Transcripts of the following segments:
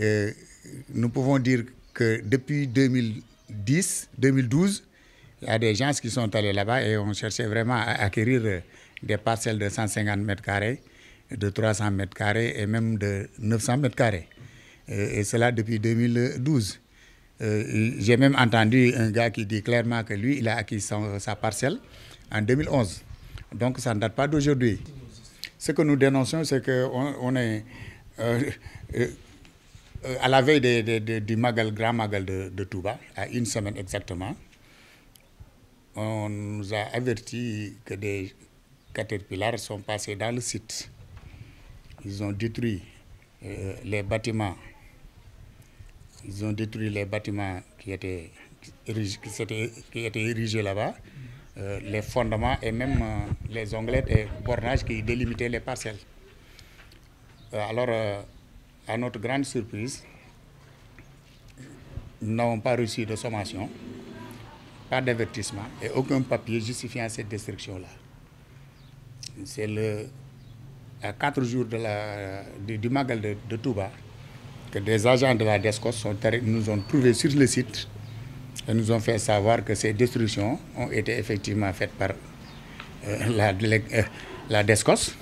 Euh, nous pouvons dire que depuis 2010, 2012, il y a des gens qui sont allés là-bas et ont cherché vraiment à acquérir euh, des parcelles de 150 mètres carrés, de 300 mètres carrés et même de 900 mètres carrés. Euh, et, cela depuis 2012. J'ai même entendu un gars qui dit clairement que lui, il a acquis sa parcelle en 2011. Donc ça ne date pas d'aujourd'hui. Ce que nous dénonçons, c'est qu'on on est... Euh, à la veille du Magal, Grand Magal de, de, Touba, à une semaine exactement, on nous a averti que des caterpillars sont passés dans le site. Ils ont détruit euh, les bâtiments. Ils ont détruit les bâtiments qui étaient, érigés, là-bas, euh, les fondements et même les onglets et bornages qui délimitaient les parcelles. alors, à notre grande surprise, nous n'avons pas reçu de sommation, pas d'avertissement et aucun papier justifiant cette destruction-là. C'est à quatre jours de la, du Magal de, Touba que des agents de la DESCOS sont, nous ont trouvés sur le site et nous ont fait savoir que ces destructions ont été effectivement faites par euh, euh, la, DESCOS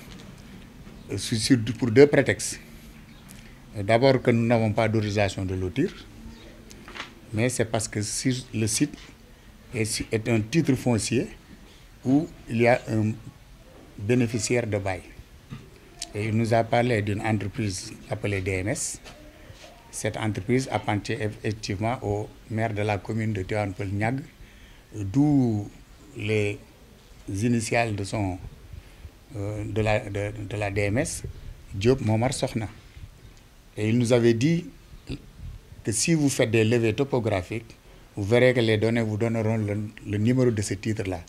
pour deux prétextes. D'abord que nous n'avons pas d'autorisation de lotir, mais c'est parce que le site est, un titre foncier où il y a un bénéficiaire de bail. Et il nous a parlé d'une entreprise appelée DMS. Cette entreprise appartient effectivement au maire de la commune de Théanpel-Niag, d'où les initiales de, son, euh, de, la, la DMS, Diop Momar Sokhna. Et il nous avait dit que si vous faites des levées topographiques, vous verrez que les données vous donneront le, numéro de ce titre-là.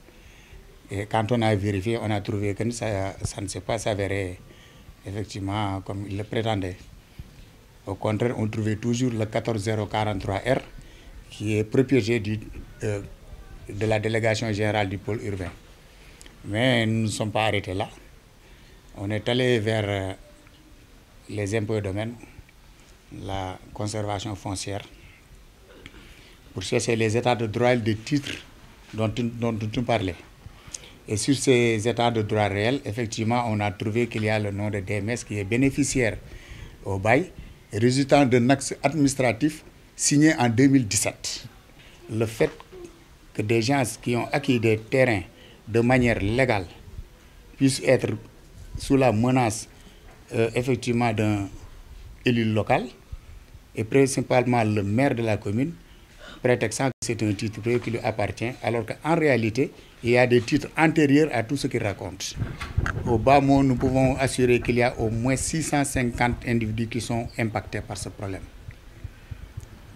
Et quand on a vérifié, on a trouvé que ça, ne s'est pas avéré effectivement comme il le prétendait. Au contraire, on trouvait toujours le 14043R qui est propriété euh, de la délégation générale du pôle urbain. Mais nous ne sommes pas arrêtés là. On est allé vers euh, les impôts domaines la conservation foncière pour chercher les états de droit et de titres dont, dont on parlait. Et sur ces états de droit réels, effectivement, on a trouvé qu'il y a le nom de DMS qui est bénéficiaire au bail, résultant d'un axe administratif signé en 2017. Le fait que des gens qui ont acquis des terrains de manière légale puissent être sous la menace euh, effectivement d'un l'île local et principalement le maire de la commune, prétextant que c'est un titre qui lui appartient, alors qu'en réalité, il y a des titres antérieurs à tout ce qu'il raconte. Au bas mot, nous pouvons assurer qu'il y a au moins 650 individus qui sont impactés par ce problème.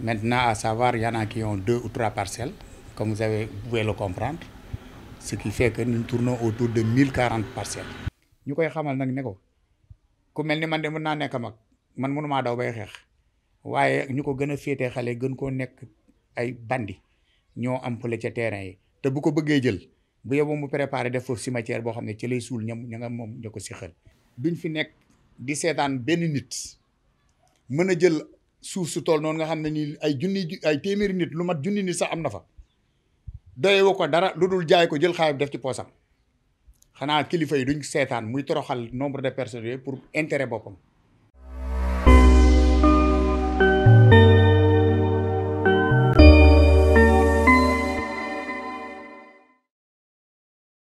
Maintenant, à savoir, il y en a qui ont deux ou trois parcelles, comme vous, avez, pouvez le comprendre, ce qui fait que nous tournons autour de 1040 parcelles. Nous savons que nous man mënumaa daw bay xeex waaye ñu ko gën a féetee xale gën koo nekk ay bandi ñoo am pële ca terrain yi te bu ko bëggee jël bu yeboo mu préparé def foofu cimetière boo xam ne ci lay suul ñam ña nga moom ña ko si xel duñ fi nekk di seetaan benn nit mën a jël suuf su tool noonu nga xam ne nii ay junni ay téeméeri nit lu mat junni nit sax am na fa doyewu ko dara lu dul jaay ko jël xaalis def ci poosam xanaa kilifa yi duñ seetaan muy toroxal nombre de personne yooyu pour intérêt boppam